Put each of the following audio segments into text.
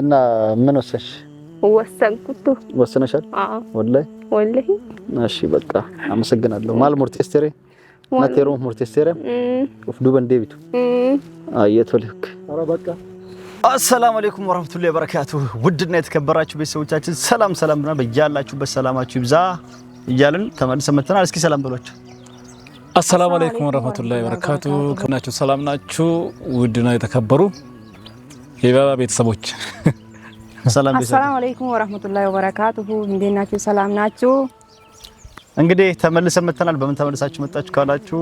እና ምን ወሰንሽ? ወሰንኩት። ወሰነሻል? አዎ። ወላሂ ወላሂ። እሺ በቃ አመሰግናለሁ። ማል ሙርቴስቴሬ ናቴሮ ሙርቴስቴሬ ኡፍ ዴቢቱ አየት ወልክ በቃ አሰላሙ አለይኩም ወራህመቱላሂ ወበረካቱ። ውድና የተከበራችሁ ቤተሰቦቻችን ሰላም ሰላም ብና በእያላችሁበት ሰላማችሁ ይብዛ እያልን ተመልሰን መጥተናል። እስኪ ሰላም በሏቸው። አሰላሙ አለይኩም ወራህመቱላሂ ወበረካቱ። ከናችሁ ሰላም ናችሁ? ውድና የተከበሩ የበባ ቤተሰቦች ሰላም አሰላሙ አለይኩም ወራህመቱላሂ ወበረካቱሁ። እንዴት ናችሁ? ሰላም ናችሁ? እንግዲህ ተመልሰን መጥተናል። በምን ተመልሳችሁ መጣችሁ ካላችሁ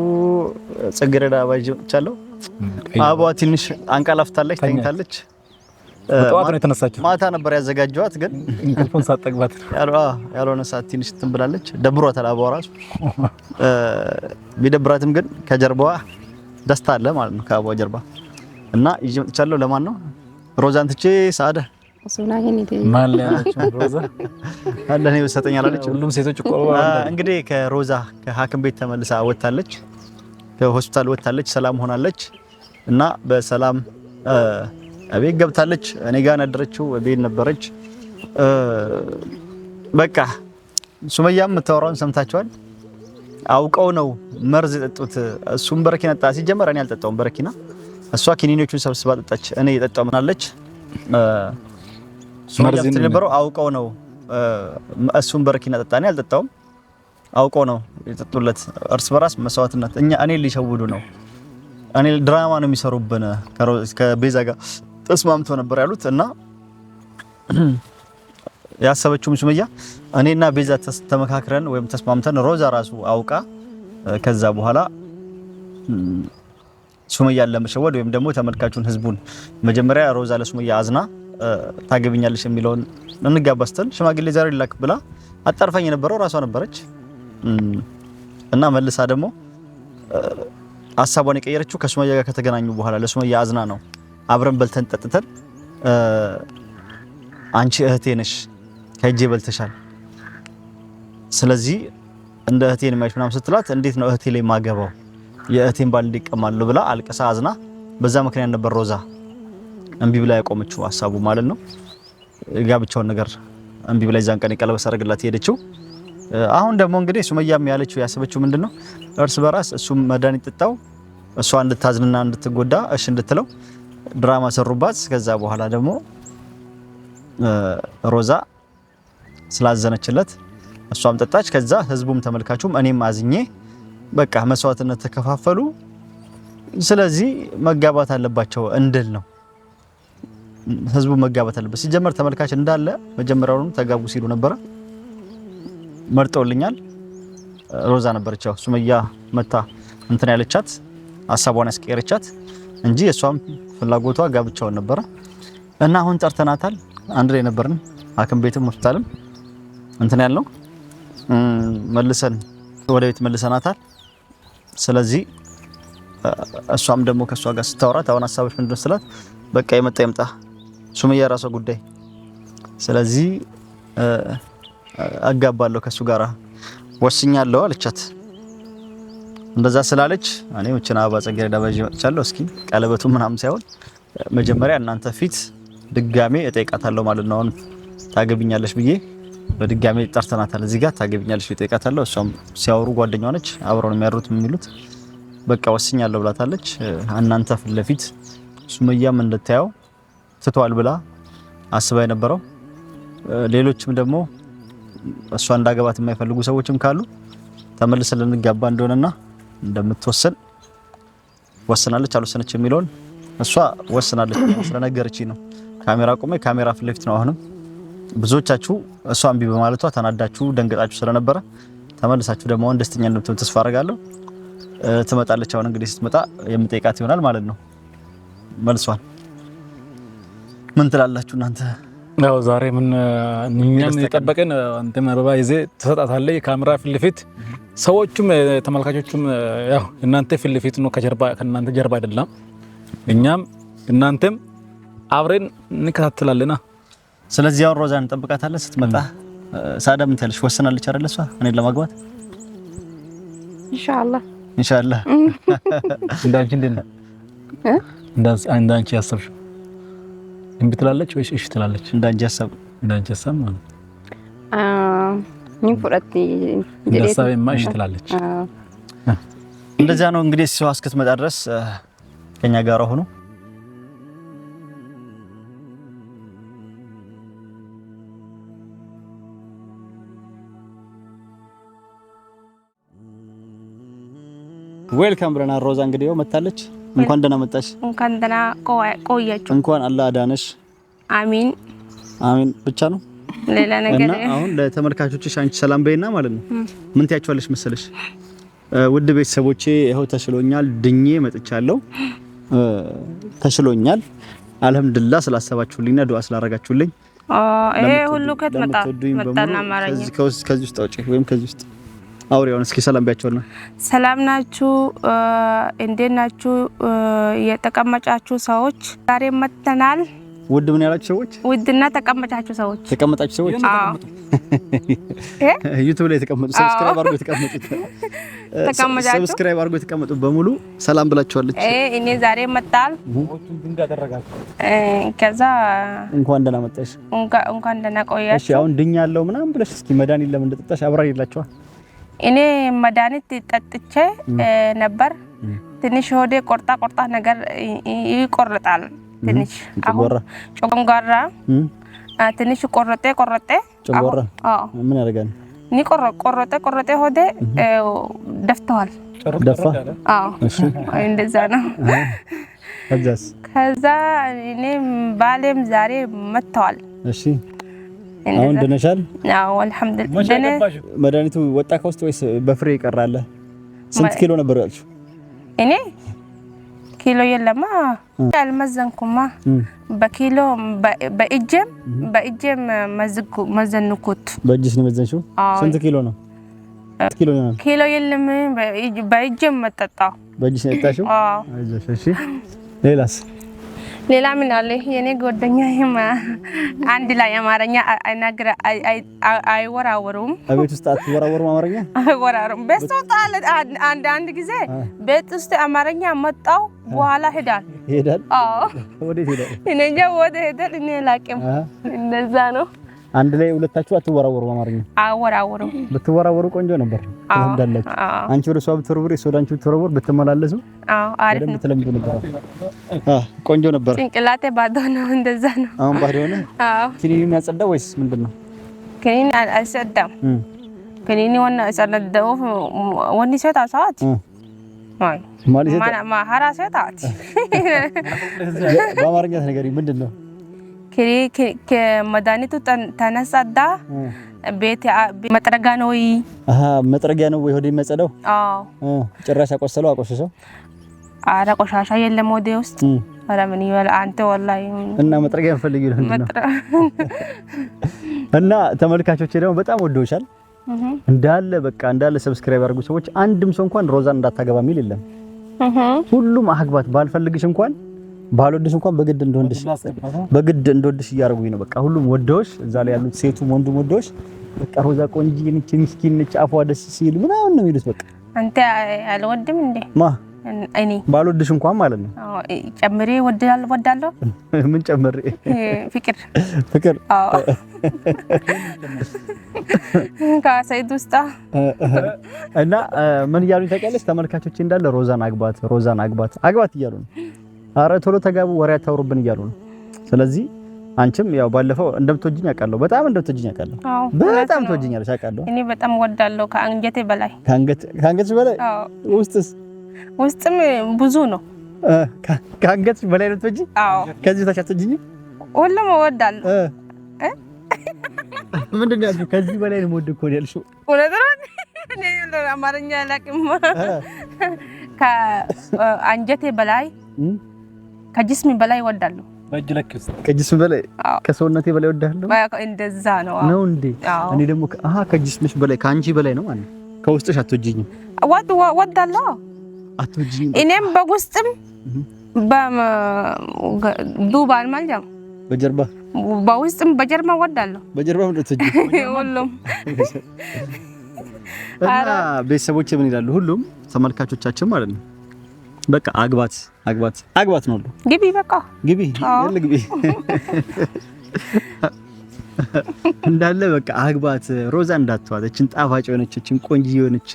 ጽግረዳ አበባ ይዤ መጥቻለሁ። አበባዋ ትንሽ አንቀላፍታለች፣ ተኝታለች። ጠዋት ነው የተነሳችሁ? ማታ ነበር ያዘጋጀዋት፣ ግን እንቅልፉን ሳትጠግባት ያልሆነ ሰዓት ትንሽ እንትን ብላለች። ደብሯታል። አበባዋ ራሱ ቢደብራትም ግን ከጀርባዋ ደስታ አለ ማለት ነው፣ ከአበባዋ ጀርባ እና ይዤ መጥቻለሁ። ለማን ነው ሮዛን ትቼ ሳዳ አለን ሰጠኝ አላለች። ሁሉም ሴቶች እኮ እንግዲህ ከሮዛ ከሐኪም ቤት ተመልሳ ወጣለች፣ ከሆስፒታል ወጣለች፣ ሰላም ሆናለች እና በሰላም ቤት ገብታለች። እኔ ጋር ነደረችው ቤት ነበረች። በቃ ሱመያም የምታወራውን ሰምታችኋል። አውቀው ነው መርዝ የጠጡት። እሱም በረኪና ጣ ሲጀመር እኔ አልጠጣውም በረኪና እሷ ኪኒኖቹን ሰብስባ ጠጣች። እኔ የጠጣው ምናለች መርዝን ነበረው አውቀው ነው እሱን በረኪና ጠጣኔ አልጠጣውም። አውቀው ነው የጠጡለት። እርስ በራስ መስዋዕትነት እኛ እኔ ሊሸውዱ ነው እኔ ድራማ ነው የሚሰሩብን። ከቤዛ ጋር ተስማምቶ ነበር ያሉት እና ያሰበችውም ሱመያ እኔና ቤዛ ተመካክረን ወይም ተስማምተን ሮዛ ራሱ አውቃ ከዛ በኋላ ሱመያን ለመሸወድ ወይም ደግሞ ተመልካቹን ህዝቡን መጀመሪያ ሮዛ ለሱመያ አዝና ታገብኛለች የሚለውን እንጋባ ስትል ሽማግሌ ዛሬ ላክ ብላ አጣርፋኝ የነበረው ራሷ ነበረች እና መልሳ ደግሞ ሀሳቧን የቀየረችው ከሱመያ ጋር ከተገናኙ በኋላ ለሱመያ አዝና ነው። አብረን በልተን ጠጥተን አንቺ እህቴ ነሽ ከእጄ በልተሻል፣ ስለዚህ እንደ እህቴ ነው የሚያዩሽ ምናምን ስትላት እንዴት ነው እህቴ ላይ ማገባው የእህቴን ባል እንዲቀማለሁ ብላ አልቅሳ አዝና፣ በዛ ምክንያት ነበር ሮዛ እምቢ ብላ ያቆመችው ሀሳቡ ማለት ነው። ጋብቻውን ነገር እምቢ ብላ ዛን ቀን ቀለበት አድርግላት ሄደችው። አሁን ደግሞ እንግዲህ ሱመያም ያለችው ያሰበችው ምንድነው እርስ በራስ እሱም መድኃኒት ጥጣው እሷ እንድታዝንና እንድትጎዳ እሺ እንድትለው ድራማ ሰሩባት። ከዛ በኋላ ደግሞ ሮዛ ስላዘነችለት እሷም ጠጣች። ከዛ ህዝቡም ተመልካቹም እኔም አዝኜ በቃ መስዋዕትነት ተከፋፈሉ። ስለዚህ መጋባት አለባቸው እንድል ነው ህዝቡ መጋባት አለበት። ሲጀመር ተመልካች እንዳለ መጀመሪያውኑ ተጋቡ ሲሉ ነበረ። መርጠውልኛል። ሮዛ ነበረች ያው ሱመያ መታ እንትን ያለቻት ሀሳቧን ያስቀየረቻት እንጂ እሷም ፍላጎቷ ጋብቻውን ነበረ እና አሁን ጠርተናታል። አንድ ላይ ነበርን ሐኪም ቤትም ሆስፒታልም እንትን ያለው መልሰን ወደ ቤት መልሰናታል። ስለዚህ እሷም ደግሞ ከእሷ ጋር ስታወራት አሁን ሀሳቦች ምንድን ስላት በቃ የመጣ ይምጣ ሱምያ የራሷ ጉዳይ። ስለዚህ አጋባለሁ ከሱ ጋር ወስኛለሁ አለቻት። እንደዛ ስላለች እኔ ወቸና አባ ጽጌረዳ በጂ መጥቻለሁ። እስኪ ቀለበቱ ምናምን ሳይሆን መጀመሪያ እናንተ ፊት ድጋሜ እጠይቃታለሁ ማለት ነው አሁን ታገብኛለች ብዬ በድጋሜ ጠርተናታል። እዚህ ጋር ታገቢኛለሽ እጠይቃታለሁ። እሷም ሲያወሩ ጓደኛዋ ነች፣ አብረው የሚያድሩት የሚሉት በቃ ወስኛለሁ ብላታለች። እናንተ ፊት ለፊት ሱመያም እንደታየው ትቷል ብላ አስባ የነበረው ሌሎችም ደግሞ እሷ እንዳገባት የማይፈልጉ ሰዎችም ካሉ ተመልሰን ልንጋባ እንደሆነና እንደምትወስን ወስናለች አልወሰነች የሚለውን እሷ ወስናለች ስለነገረች ነው። ካሜራ ቆመ፣ ካሜራ ፊት ለፊት ነው አሁንም ብዙዎቻችሁ እሷ እምቢ በማለቷ ተናዳችሁ ደንገጣችሁ ስለነበረ ተመልሳችሁ ደግሞ አሁን ደስተኛ እንደምትሆን ተስፋ አደርጋለሁ። ትመጣለች። አሁን እንግዲህ ስትመጣ የምጠይቃት ይሆናል ማለት ነው መልሷን ምን ትላላችሁ እናንተ? ያው ዛሬ ምን እኛም የጠበቀን አንተም አበባ ይዜ ትሰጣታለህ። ካሜራ ፊት ለፊት ሰዎቹም ተመልካቾቹም ያው እናንተ ፊት ለፊት ነው፣ ከጀርባ ከእናንተ ጀርባ አይደለም። እኛም እናንተም አብረን እንከታተላለና ስለዚህ ያው ሮዛን እንጠብቃታለን። ስትመጣ ሳዳ ምን ትያለሽ? ወስናለች አይደል? እሷ እኔን ለማግባት ኢንሻአላህ ኢንሻአላህ። እንዳንቺ እንደነ እ እንዳንቺ እንዳንቺ ያሰብሽው እምቢ ትላለች ወይስ እሺ ትላለች? እንዳንቺ ያሰብ እንዳንቺ ያሰብ ማለት አ ምን ፍራቲ ደሳብ ማሽ ትላለች። እንደዚያ ነው እንግዲህ እሷ እስክትመጣ ድረስ ከኛ ጋር ሆኖ ዌልካም ብለናል። ሮዛ እንግዲህ ያው መታለች። እንኳን ደህና መጣሽ። እንኳን ደህና ቆያችሁ። እንኳን አላህ አዳነሽ። አሚን አሚን ብቻ ነው ሌላ ነገር። እና አሁን ለተመልካቾችሽ አንቺ ሰላም በይና ማለት ነው። ምን ትያቸዋለሽ መሰለሽ? ውድ ቤተሰቦቼ ይኸው ተሽሎኛል፣ ድኜ መጥቻለሁ። ተሽሎኛል አልሐምዱሊላህ። ስላሰባችሁልኝና ዱአ ስላረጋችሁልኝ ይሄ ሁሉ ከትመጣ መጣና ማረኝ ከዚህ ውስጥ አውጪ ወይም ከዚህ ውስጥ አውሬውን እስኪ ሰላም ቢያቸውና ሰላም ናችሁ፣ እንዴት ናችሁ? የተቀመጫችሁ ሰዎች ዛሬ መጥተናል። ውድ ምን ያላችሁ ሰዎች ውድና ተቀመጫችሁ ሰዎች ተቀመጣችሁ ሰዎች ዩቲዩብ ላይ ተቀመጡ፣ ሰብስክራይብ አድርጎ ተቀመጡ፣ ተቀመጣችሁ ሰብስክራይብ አድርጎ ተቀመጡ። በሙሉ ሰላም ብላችኋለች። እኔ ዛሬ መጣል ከዛ እንኳን ደህና መጣሽ፣ እንኳን ደህና ቆያሽ። እሺ አሁን ድኛ ያለው ምናምን ብለሽ እስኪ መድኃኒት ለምን እንደጠጣሽ አብራሪላችኋል። እኔ መድኃኒት ጠጥቼ ነበር። ትንሽ ሆዴ ቆርጣ ቆርጣ ነገር ይቆርጣል። ትንሽ አሁን ጨጓራ ትንሽ ቆረጤ ቆረጤ ጨጓራ ምን ያደርጋል? እኔ ቆረጤ ቆረጤ ሆዴ ደፍተዋል። ደፋ? አዎ እንደዛ ነው። ከዛ እኔ ባሌም ዛሬ መጥተዋል። እሺ አሁን ድነሻል? አዎ አልሐምዱሊላህ። መድኃኒቱ ወጣ ከውስጥ ወይስ በፍሬ ይቀራል? ስንት ኪሎ ነበር ያልሽው? እኔ ኪሎ የለማ አልመዘንኩማ። በኪሎ በእጄም በእጄም መዘንኩት። በእጅሽ ነው መዘንሽው? ስንት ኪሎ ነው? ኪሎ የለም። በእጄም መጠጣው። በእጅሽ ነው የጠጣሽው? አዎ። ሌላስ ሌላ ምን አለ? የኔ ጓደኛ አንድ ላይ አማርኛ አይወራወሩም። ቤት ውስጥ አትወራወሩም? አማርኛ አይወራወሩም። ቤት ውስጥ አንድ አንድ ጊዜ ቤት ውስጥ አማርኛ መጣው በኋላ ሄዳል ሄዳል። አዎ ወዴት ሄዳል? እኔ እንጃ ወዴት ሄዳል። እኔ ላቅም እንደዛ ነው አንድ ላይ ሁለታችሁ አትወራወሩ። በአማርኛ አወራወሩ ብትወራወሩ ቆንጆ ነበር። ትለምዳላችሁ። አንቺ ወደ እሷ ብትወረውር፣ እሷ ወደ አንቺ ብትወረውር፣ ብትመላለሱ አሪፍ ነው። ትለምዱ ነበር። ቆንጆ ነበር። ጭንቅላቴ ባዶ ነው። እንደዛ ነው። አሁን ባዶ ወይስ ምንድን ነው? ክኒኒ አልጸዳም። ክኒኒ ወና ጸለደው ወኒ ሰዓት ማለት ማራ በአማርኛ ነገር ምንድን ነው? ከመድኃኒቱ ተነጸዳ ቤት መጥረጊያ ነው ወይ መጥረጊያ ነው ወይ ሆዴ መጸዳው? ጭራሽ አቆሰለው አቆሸሸው። አረ ቆሻሻ የለም ወደ ውስጥ አረ ምን ይበል አንተ ወላሂ። እና መጥረጊያ ፈልግ ይላል እና ተመልካቾቼ ደግሞ በጣም ወደውሻል እንዳለ በቃ እንዳለ ሰብስክራይብ ያደርጉ ሰዎች አንድም ሰው እንኳን ሮዛን እንዳታገባ የሚል የለም። ሁሉም አግባት ባልፈልግሽ እንኳን ባልወድሽ እንኳን በግድ እንደወንድሽ በግድ እንደወድሽ እያደረጉኝ ነው። በቃ ሁሉም ወደውሽ እዛ ላይ ያሉት ሴቱም ወንዱም ወደውሽ በቃ ሮዛ ቆንጂ ነች፣ ምስኪን ነች፣ አፏ ደስ ሲል ምናምን ነው የሚሉት። በቃ አንተ አልወድም እንዴ ማ እኔ ባልወድሽ እንኳን ማለት ነው። ጨምሬ ወዳል ወዳለሁ። ምን ጨምሬ? ፍቅር ፍቅር። አዎ ከሰይድ ውስጥ እና ምን እያሉኝ ታውቂያለሽ? ተመልካቾች እንዳለ ሮዛን አግባት፣ ሮዛን አግባት፣ አግባት እያሉ ነው አረ ቶሎ ተጋቡ፣ ወሬ አታውሩብን እያሉ ነው። ስለዚህ አንቺም ያው ባለፈው እንደምትወጂኝ አውቃለሁ። በጣም እንደምትወጂኝ አውቃለሁ። በጣም ትወጂኛለሽ አውቃለሁ። እኔ በጣም ወዳለሁ ከአንገቴ በላይ ከአንገት ከአንገትሽ በላይ። ውስጥስ ውስጥም ብዙ ነው። ከአንገትሽ በላይ ነው ትወጂኝ። ከዚህ ታች አትወጂኝም? ሁሉም እወዳለሁ። ምንድን ነው ያልሽው? ከዚህ በላይ ነው የምወድህ እኮ ነው ያልሽው። እውነት ነው። እኔ አማርኛ አላውቅም። ከአንጀቴ በላይ ከጅስሚ በላይ እወዳለሁ። ከጅስም በላይ ከሰውነቴ በላይ እወዳለሁ። እንደዛ ነው ነው እንዴ? እኔ ደግሞ አሃ ከጅስምሽ በላይ ከአንቺ በላይ ነው ማለት ከውስጥሽ አትወጂኝም። ወጥ እወዳለሁ፣ አትወጂኝም። እኔም በውስጥም በዱባል ማለት በጀርባ በውስጥም በጀርባ እወዳለሁ። በጀርባ ምን ሁሉም እና ቤተሰቦቼ ምን ይላሉ? ሁሉም ተመልካቾቻችን ማለት ነው በቃ አግባት አግባት አግባት ነው። ግቢ በቃ ግቢ ያለ ግቢ እንዳለ በቃ አግባት። ሮዛ እንዳትዋት እችን ጣፋጭ የሆነች እችን ቆንጂ የሆነች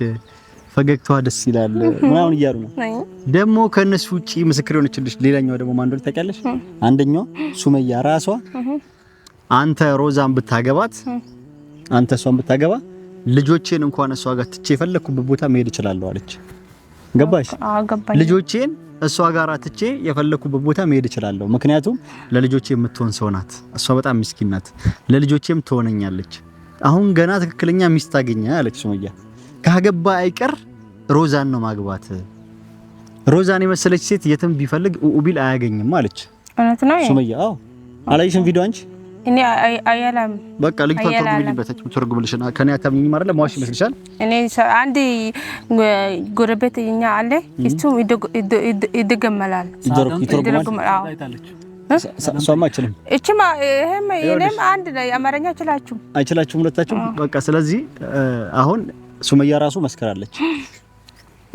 ፈገግታዋ ደስ ይላል ምናምን እያሉ ነው። ደግሞ ከእነሱ ውጪ ምስክር የሆነችልሽ ሌላኛዋ ደግሞ ማን እንደሆነ ታውቂያለሽ? አንደኛው ሱመያ ራሷ አንተ ሮዛን ብታገባት አንተ እሷን ብታገባ ልጆቼን እንኳን እሷ ጋር ትቼ የፈለኩበት ቦታ መሄድ እችላለሁ አለች። ገባሽ? ልጆቼን እሷ ጋር ትቼ የፈለኩበት ቦታ መሄድ እችላለሁ። ምክንያቱም ለልጆቼ የምትሆን ሰው ናት። እሷ በጣም ምስኪን ናት፣ ለልጆቼም ትሆነኛለች። አሁን ገና ትክክለኛ ሚስት ታገኘ አለች ሱመያ። ካገባ አይቀር ሮዛን ነው ማግባት። ሮዛን የመሰለች ሴት የትም ቢፈልግ ኡቢል አያገኝም አለች። እውነት ነው ሱመያ። አዎ አላየሽም ቪዲዮ አንቺ እኔ አያላም በቃ ልጅቷ ትርጉምልሽና ከኔ አታምኚኝም አይደለ? መዋሽ ይመስልሻል? እኔ አንድ ጎረቤት እኛ አለ እሱ ይደገመላል አንድ ላይ አማርኛ አይችላችሁም አይችላችሁም ሁለታችሁም። በቃ ስለዚህ አሁን ሱመያ ራሱ መስከራለች።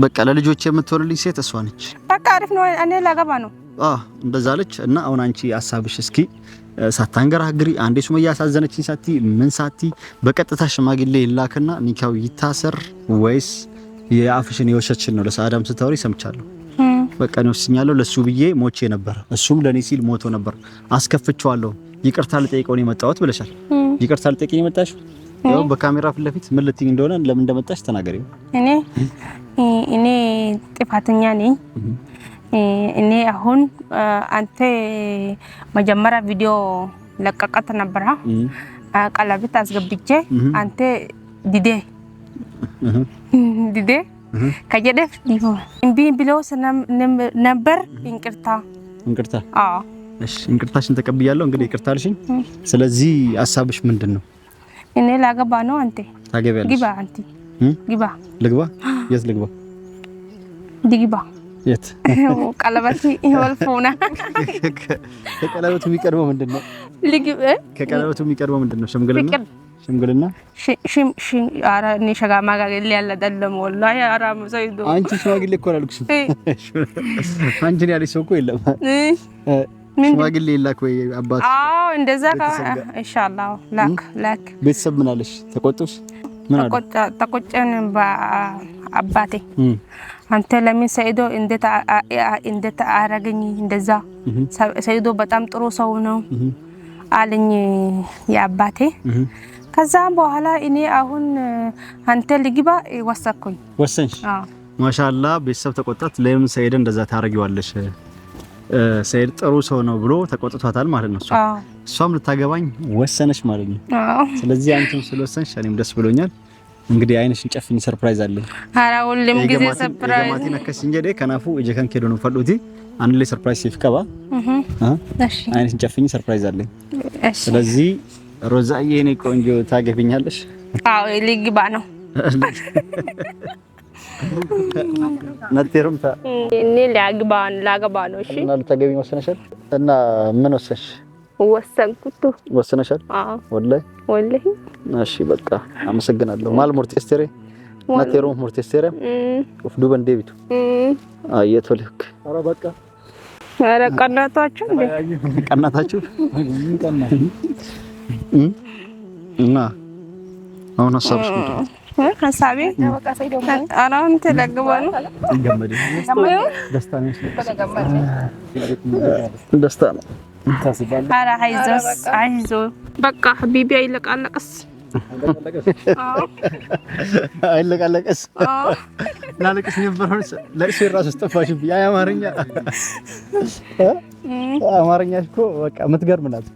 በቃ ለልጆች የምትሆንልኝ ሴት እሷ ነች። በቃ አሪፍ ነው። እኔ ላገባ ነው። እንደዛ አለች። እና አሁን አንቺ ሀሳብሽ እስኪ ሳታንገራግሪ አንዴ ሱመያ ያሳዘነችኝ ሳቲ ምን ሳቲ በቀጥታ ሽማግሌ ይላክና ኒካው ይታሰር ወይስ የአፍሽን የወሸችን ነው ለሳዳም ስታወሪ ሰምቻለሁ። በቃ ነው ወስኛለሁ። ለሱ ብዬ ሞቼ ነበር፣ እሱም ለኔ ሲል ሞቶ ነበር። አስከፍቼዋለሁ። ይቅርታ ልጠይቀው ነው የመጣሁት ብለሻል። ይቅርታ ልጠይቀኝ የመጣሽ ያው በካሜራ ፊት ለፊት ምን ልትይኝ እንደሆነ ለምን እንደመጣሽ ተናገሪ። እኔ እኔ ጥፋተኛ ነኝ እኔ አሁን አንተ መጀመሪያ ቪዲዮ ለቀቀት ነበረ። ቀለበት አስገብቼ አንተ ዲዴ ዲዴ ከጀደፍ እምቢ ብለው ነበር። እንቅርታ እንቅርታ፣ አዎ እሺ፣ እንቅርታሽን ተቀብያለሁ። እንግዲህ ይቅርታ አልሽኝ። ስለዚህ ሀሳብሽ ምንድን ነው? እኔ ላገባ ነው። አንተ ታገቢያለሽ? ግባ አንተ ግባ። ልግባ? የት ልግባ? ዲግባ የት ቀለበት ይወልፉና ከቀለበቱ የሚቀድመው ምንድን ነው? ከቀለበቱ የሚቀድመው ምንድን ነው? ሽምግልና ሽምግልና እኔ ሸጋማ ጋር ያለ ደለም ወላሂ አንቺ ሽማግሌ እኮ አላልኩሽም። አንቺን ያለች ሰው እኮ የለም። ሽማግሌ ላክ ወይ አባት። አዎ እንደዛ ኢንሻአላህ ላክ ላክ። ቤተሰብ ምን አለሽ? ተቆጥሽ? ምን አለ? ተቆጨን በአባቴ አንተ ለምን ሰይዶ እንዴት አረገኝ? እንደዛ ሰይዶ በጣም ጥሩ ሰው ነው አለኝ የአባቴ። ከዛም በኋላ እኔ አሁን አንተ ልግባ ወሰንኩኝ። ወሰንሽ? ማሻላ ቤተሰብ ተቆጣት። ለምን ሰይደ እንደዛ ታረጊዋለሽ? ሰይድ ጥሩ ሰው ነው ብሎ ተቆጥቷታል ማለት ነው። እሷም ልታገባኝ ወሰነች ማለት ነው። ስለዚህ አንቺም ስለወሰንሽ እኔም ደስ ብሎኛል። እንግዲህ አይንሽን ጨፍኝ፣ ሰርፕራይዝ አለኝ። ኧረ ሁሉም ጊዜ ሰርፕራይዝ ማቲ ነከስ እንጀዴ ከናፉ እጀከን ከዶ ነው ፈዶቲ አንድ ላይ ሰርፕራይዝ ሲፍቀባ እሺ፣ አይንሽን ጨፍኝ፣ ሰርፕራይዝ አለኝ። ስለዚህ ሮዛዬ የኔ ቆንጆ ታገቢኛለሽ? አዎ፣ ሊግባ ነው ነቴሩም ታ እኔ ላግባ ነው። እሺ፣ እና ልታገቢኝ ወሰነሽ? እና ምን ወሰንሽ? ወሰንኩት። ወስነሻል? አዎ። ወላሂ ወላሂ። እሺ በቃ አመሰግናለሁ። ማል ሙርቴስቴሬ ናቴሩ ሙርቴስቴሬ ኡፍ ዱበን ዴቢቱ አየቶልክ። አረ በቃ አረ ቀናታችሁ እንዴ ቀናታችሁ እና አሁን ሀሳብሽ ምንድን ነው? ሀሳቤ ደስታ ነው። ታስባለህ? ኧረ አይዞህ አይዞህ፣ በቃ ቢቢ አይለቃለቅስ አይለቃለቀስ ላለቅስ ነበር። ለቅሶ የራሱ አስጠፋሽብኝ። አይ አማርኛ አማርኛሽ እኮ በቃ የምትገርም ናት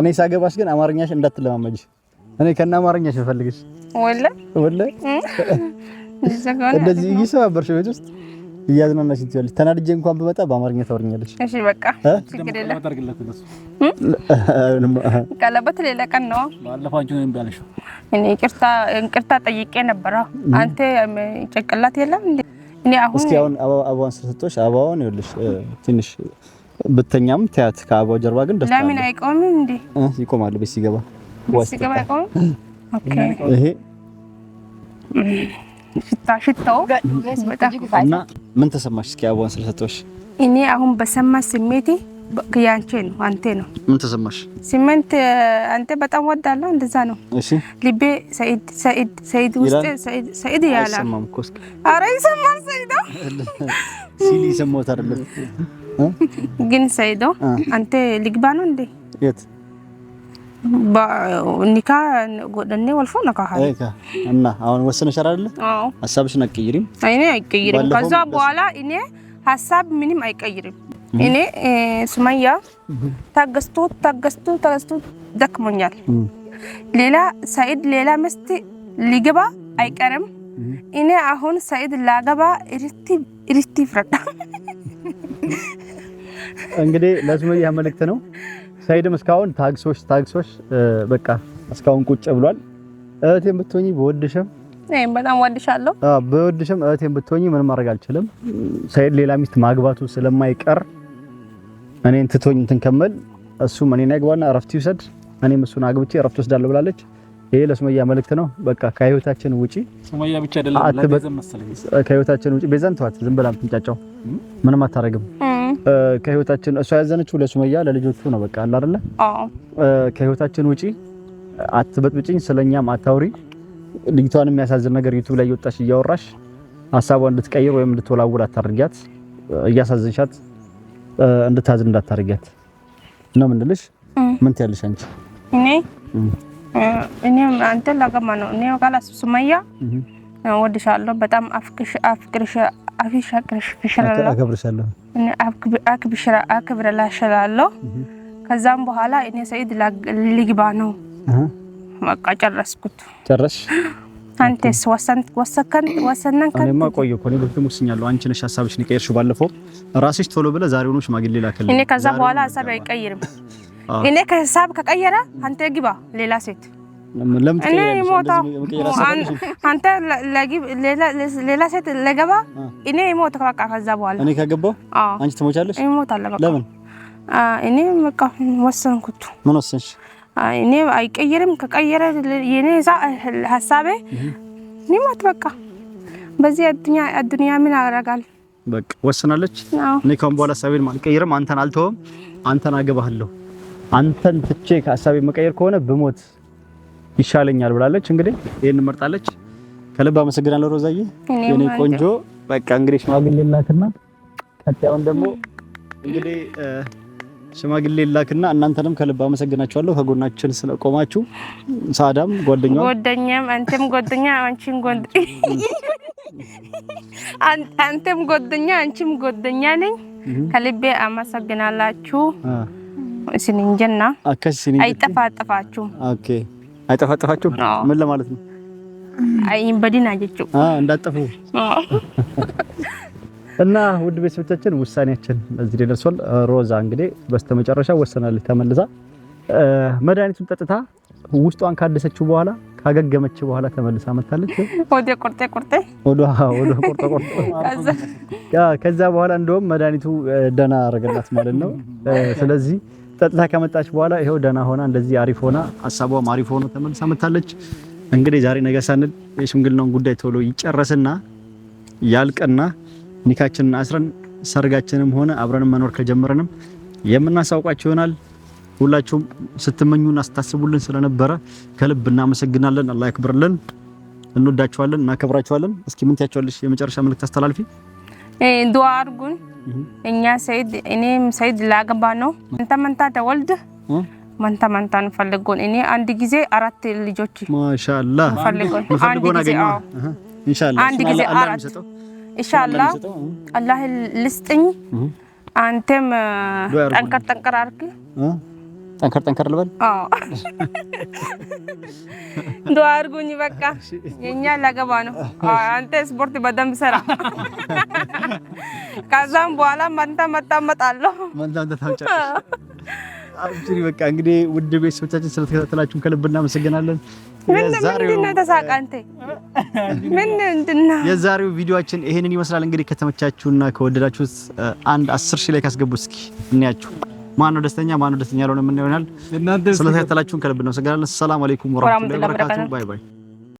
እኔ ሳገባሽ ግን አማርኛሽ እንዳትለማመጅ እኔ ከእነ አማርኛሽ የምፈልግሽ ወላሂ ወላሂ እንደዚህ እየሰባበርሽ ቤት ውስጥ እያዝናናሽ ትያለሽ። ተናድጄ እንኳን ብመጣ በአማርኛ ታወርኛለች። እሺ በቃ ችግር የለም። ቀለበት ሌላ ቀን ነው። ባለፈው አንቺ ነው ያለሽው። እኔ ይቅርታ ይቅርታ ጠይቄ ነበረ። አንተ ጭንቅላት የለም እንዴ? እኔ አሁን እስኪ አሁን አበባውን ስለሰጠሁሽ አበባውን ይኸውልሽ ትንሽ ብተኛም ትያት ከአበባው ጀርባ ግን ደስ ለምን አይቆምም እንዴ? ይቆማል። ቤት ሲገባ ይሄ ሽታ ሽታው እና ምን ተሰማሽ? እስኪ አበባውን ስለሰጠሽ እኔ አሁን በሰማ ስሜቴ ያንቺ ነው አንቴ ነው። ምን ተሰማሽ? ስሜንት አንተ በጣም ወዳለሁ እንደዛ ነው። እሺ ልቤ ሰኢድ ሰኢድ ሰኢድ ውስጥ ሰኢድ ሰኢድ ያላ አይሰማም እኮ እስኪ ኧረ ይሰማል። ሰኢድ ሲል ይሰማውታል አይደል? ግን ሰኢድ አንተ ልግባ ነው እንዴ? የት ኒካ ጎደኔ ወልፎ ነካሃል እና አሁን ወስነሻል አይደል? ሀሳብሽን አትቀይሪም? እኔ አይቀይርም። ከዛ በኋላ እኔ ሀሳብ ምንም አይቀይርም። እኔ ሱመያ ታገስቶ ታገስቶ ታገስቶ ደክሞኛል። ሌላ ሰኢድ ሌላ ሚስት ሊገባ አይቀርም። እኔ አሁን ሰኢድ ላገባ ሪቲ ይፍረዳ። እንግዲህ ለሱመያ መልእክት ነው ሳይድም እስካሁን ታግሶሽ ታግሶሽ በቃ እስካሁን ቁጭ ብሏል። እህቴን ብትሆኚ በወድሽም እኔም በጣም ወድሻለሁ። አዎ በወድሽም እህቴን ብትሆኚ ምንም ማድረግ አልችልም። ሳይድ ሌላ ሚስት ማግባቱ ስለማይቀር እኔን ትቶኝ እንትን ከመል እሱም እኔን ያግባና እረፍት ይውሰድ፣ እኔም እሱን አግብቼ እረፍት ወስዳለሁ ብላለች። ይሄ ለሱመያ መልእክት ነው። በቃ ከህይወታችን ውጪ ሱመያ ብቻ አይደለም፣ ለቤዛም መሰለኝ ከህይወታችን ውጪ ቤዛን ተዋት። ዝም ብላም ምትንጫጫው ምንም አታረግም። ከህይወታችን እሷ ያዘነችው ለሱመያ ለልጆቹ ነው። በቃ አለ አይደለ? አዎ ከህይወታችን ውጪ አትበጥብጭኝ፣ ስለኛም አታውሪ። ልጅቷን የሚያሳዝን ነገር ዩቲዩብ ላይ እየወጣሽ እያወራሽ ሀሳቧን እንድትቀይር ወይም እንድትወላውል አታርጊያት። እያሳዝንሻት እንድታዝን እንዳታርጊያት ነው የምንልሽ። ምን ትያለሽ አንቺ? እኔ እኔ አንተ ላገማ ነው እኔ ሱመያ ወድሻለሁ። በጣም አፍቅሽ አፍቅርሽ አፊሽ ከዛም በኋላ እኔ ሰኢድ ልግባ ነው። በቃ ጨረስኩት። ጨረሽ አንተስ ወሰንት ቆየ እኮ ነው ወስኛለሁ። አንቺ ነሽ ሐሳብሽ የቀየርሽው። ባለፈው ራስሽ ቶሎ ብለህ ዛሬ ሆኖ ሽማግሌ ላከልኝ። እኔ ከዛ በኋላ ሐሳብ አይቀይርም። እኔ ከሐሳብ ከቀየረ አንተ ግባ ሌላ ሴት አንተ ሌላ ሴት ለገባ እኔ ይሞት በቃ። ከዛ በኋላ እኔ ከገባሁ አንቺ ትሞቻለሽ። ይሞታል በቃ። ለምን እኔ በቃ ወሰንኩት። ምን ወሰንሽ? እኔ አይቀየርም። ከቀየረ የኔ ሀሳቤ ይሞት በቃ። በዚህ አዱንያ ምን አደርጋለሁ? በቃ ወስናለች። እኔ ካሁን በኋላ ሀሳቤን አልቀይርም። አንተን አልተወም። አንተን አገባለሁ። አንተን ትቼ ከሀሳቤ መቀየር ከሆነ ብሞት ይሻለኛል ብላለች። እንግዲህ ይሄን መርጣለች። ከልብ አመሰግናለሁ ሮዛዬ፣ የኔ ቆንጆ። በቃ እንግዲህ ሽማግሌ ላክና ቀጣዩን ደግሞ እንግዲህ ሽማግሌ ላክና እናንተንም ከልብ አመሰግናችኋለሁ ከጎናችን ስለቆማችሁ። ሳዳም ጓደኛው ጓደኛም አንተም ጓደኛ አንቺም አንተም ጓደኛ አንቺም ጓደኛ ነኝ። ከልቤ አመሰግናላችሁ። ስንንጀና አይጠፋጠፋችሁም። ኦኬ አይጠፋጠፋችሁም? ምን ለማለት ነው? አይ በዲና አ እንዳጠፉ እና ውድ ቤተሰቦቻችን ውሳኔያችን እዚህ ደርሷል። ሮዛ እንግዲህ በስተመጨረሻ ወሰናለች። ተመልሳ መድኃኒቱን ጠጥታ ውስጧን ካደሰችው በኋላ ካገገመች በኋላ ተመልሳ መታለች። ወደ ቆርጤ ቆርጤ ወደ ወደ ቆርጤ ቆርጤ ከዛ በኋላ እንደውም መድኃኒቱ ደህና አደረገላት ማለት ነው። ስለዚህ ጠጥታ ከመጣች በኋላ ይኸው ደህና ሆና እንደዚህ አሪፍ ሆና ሀሳቧም አሪፍ ሆኖ ተመልሳ መታለች። እንግዲህ ዛሬ ነገ ሳንል የሽምግልናውን ጉዳይ ቶሎ ይጨረስና ያልቅና ኒካችንን አስረን ሰርጋችንም ሆነ አብረንም መኖር ከጀመረንም የምናሳውቃችሁ ይሆናል። ሁላችሁም ስትመኙና ስታስቡልን ስለነበረ ከልብ እናመሰግናለን። አላህ ያክብርልን። እንወዳችኋለን፣ እናከብራችኋለን። እስኪ ምን ትያቸዋለሽ? የመጨረሻ መልእክት አስተላልፊ ዱዓ አርጉን እኛ ሰይድ እኔም ሰይድ ላገባ ነው። መንታ መንታ ተወልድ መንታ መንታ እንፈልጎን። እኔ አንድ ጊዜ አራት ልጆች ማሻአላህ እንፈልጎን። አንድ ጊዜ አዎ፣ አንድ ጊዜ አራት ኢንሻአላህ አላህ ልስጥኝ። አንተም ጠንቀር ጠንቀር አድርግ ጠንከር ጠንከር ልበል። እንደው አድርጉኝ በቃ የኛ ላገባ ነው። አንተ ስፖርት በደንብ ሰራ። ከዛም በኋላ መንታ መጣ መጣለሁ። መንታ መንታ ታውጫለሽ። አብሽሪ በቃ እንግዲህ ውድ ቤተሰቦቻችን ስለተከታተላችሁን ከልብ እናመሰግናለን። የዛሬው ቪዲዮአችን ይሄንን ይመስላል። እንግዲህ ከተመቻችሁና ከወደዳችሁት አንድ አስር ሺህ ላይ ካስገቡ እስኪ እናያችሁ። ማነው ደስተኛ ማነው ደስተኛ ያልሆነ ምን ይሆናል? ስለተከታተላችሁን ከልብ ነው ሰገራለን። ሰላም አለይኩም ወራህመቱላሂ ወበረካቱ። ባይ ባይ